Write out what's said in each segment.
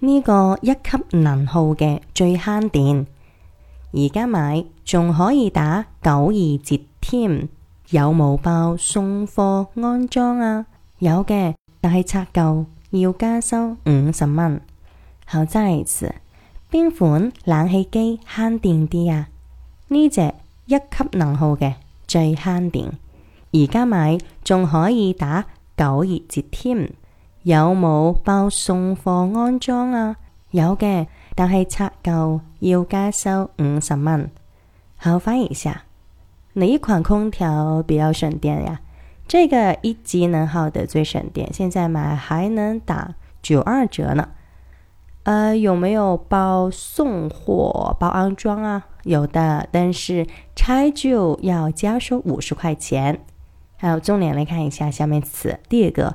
呢個一級能耗嘅最慳電，而家買仲可以打九二折添。有冇包送貨安裝啊？有嘅，但係拆舊要加收五十蚊。好，真係邊款冷氣機慳電啲啊？呢隻一級能耗嘅最慳電，而家買仲可以打九二折添。有冇包送貨安裝啊？有嘅，但係拆舊要加收五十蚊。好，翻譯一下，哪一款空調比較省電呀？這個一級能耗的最省電，現在買還能打九二折呢。呃，有沒有包送貨包安裝啊？有的，但是拆舊要加收五十塊錢。還有重點來看一下下面詞第二個。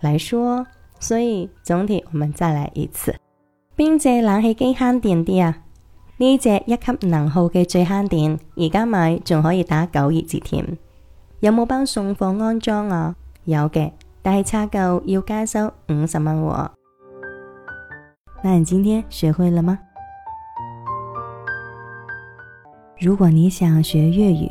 來說，所以總體我們再來一次。邊隻冷氣機慳電啲啊？呢隻一級能耗嘅最慳電，而家買仲可以打九二折添。有冇包送貨安裝啊？有嘅，但係拆舊要加收五十蚊喎。那你今天學會了嗎？如果你想學粵語。